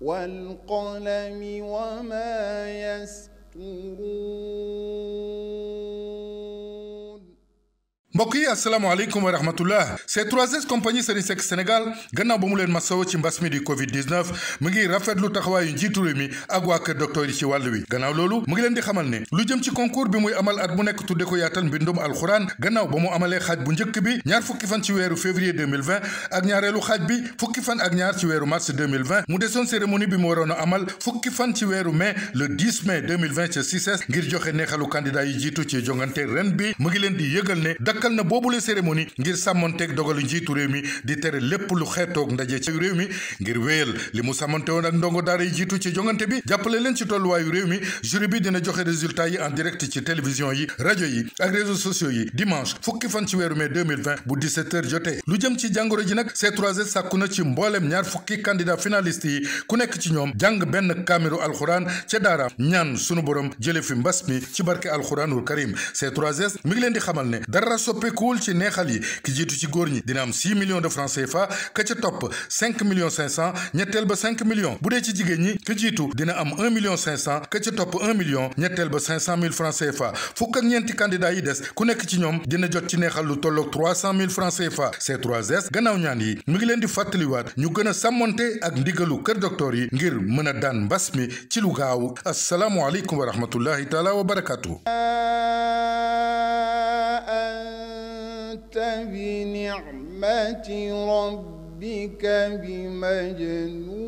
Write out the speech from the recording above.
والقلم وما يسطرون mbokk yi asalaamaaleykum wa rahmatullah C3S compagnie Serigne Sénégal gannaaw ba mu leen masawo ci mbas mi di covid 19 mu ngi rafetlu taxawaayu njiitu réew mi ak waa kër docteur yi ci wàll wi gannaaw loolu mu ngi leen di xamal ne lu jëm ci concours bi muy amal at mu nekk tudde ko yaatal mbindum alxuraan gannaaw ba mu amalee xaaj bu njëkk bi ñaar fukki fan ci weeru février 2020 ak ñaareelu xaaj bi fukki fan ak ñaar ci weeru mars 2020 mu desoon cérémonie a amal fukki fan ci mai le 10 mai 2020 ca CICES ngir joxe neexalu candidat yi jiitu ci bi mu ngi leen di yëgal dakkal na boobule cérémonie ngir sàmmonteeg dogalu njiitu réew mi di tere lépp lu xeetoog ndaje ci réew mi ngir wéyal li mu sàmmonte woon ak ndongo daara yi jiitu ci jongante bi jàppale leen ci tolluwaayu réew mi jury bi dina joxe résultat yi en direct ci télévision yi rajo yi ak réseaux sociaux yi dimanche fukki fan ci weeru mai 2020 bu 17h jotee lu jëm ci jàngoro s sàkku na ci mboolem ñaar fukki candidat finaliste yi ku nekk ci ñoom jàng benn kaamiru alxuraan ca daara ñaan sunu borom jële fi mbas mi ci barke alxuraanul karim c 3 mi leen di xamal soppeekuwul ci neexal yi ki jiitu ci góor ñi dina am million millions de francs CFA ka ca topp 5 millions 500 ñetteel ba 5 millions bu dee ci jigéen ñi ki jiitu dina am 1 million 500 ka ca topp 1 million ñetteel ba 500 000 francs fukk ak ñeenti candidats yi des ku nekk ci ñoom dina jot ci neexal lu tolloog 300 000 francs CFA c gannaaw ñaan yi mu ngi leen di fàttaliwaat ñu gën a sàmmonte ak ndigalu kër docteur yi ngir mën a daan mbas mi ci lu gaaw asalaamualeykum wa rahmatullahi bi ni'mati rabbika bi majnun